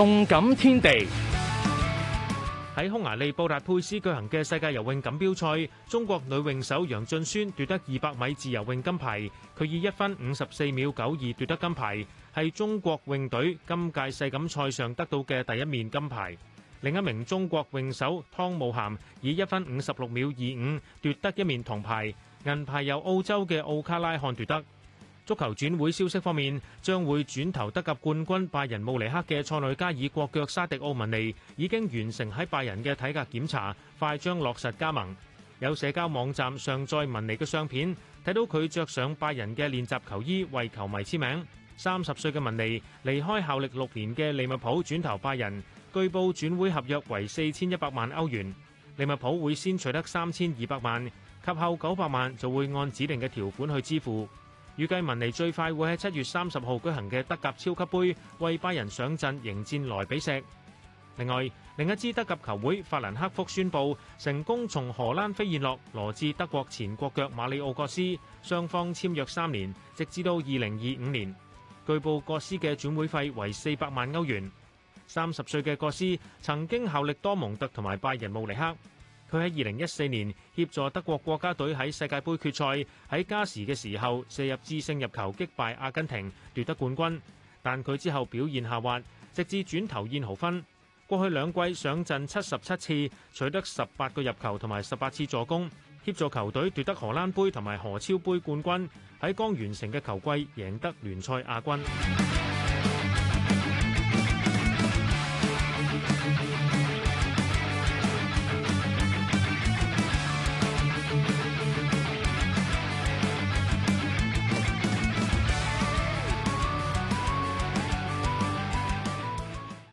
動感天地。喺匈牙利布達佩斯舉行嘅世界游泳錦標賽，中國女泳手楊浚瑄，奪得二百米自由泳金牌，佢以一分五十四秒九二奪得金牌，係中國泳隊今屆世錦賽上得到嘅第一面金牌。另一名中國泳手湯慕涵以一分五十六秒二五奪得一面銅牌，銀牌由澳洲嘅奧卡拉漢奪得。足球轉會消息方面，將會轉投德甲冠軍拜仁慕尼黑嘅塞內加爾國腳沙迪奧文尼已經完成喺拜仁嘅體格檢查，快將落實加盟。有社交網站上載文尼嘅相片，睇到佢着上拜仁嘅練習球衣為球迷簽名。三十歲嘅文尼離開效力六年嘅利物浦轉投拜仁，據報轉會合約為四千一百萬歐元。利物浦會先取得三千二百萬，及後九百萬就會按指定嘅條款去支付。預計文尼最快會喺七月三十號舉行嘅德甲超級杯，為拜仁上陣迎戰萊比錫。另外，另一支德甲球會法蘭克福宣佈成功從荷蘭飛燕諾羅致德國前國腳馬里奧·葛斯，雙方簽約三年，直至到二零二五年。據報葛斯嘅轉會費為四百萬歐元。三十歲嘅葛斯曾經效力多蒙特同埋拜仁慕尼黑。佢喺二零一四年協助德國國家隊喺世界盃決賽喺加時嘅時候射入致勝入球，擊敗阿根廷奪得冠軍。但佢之後表現下滑，直至轉投燕豪芬。過去兩季上陣七十七次，取得十八個入球同埋十八次助攻，協助球隊奪得荷蘭杯同埋荷超杯冠軍。喺剛完成嘅球季贏得聯賽亞軍。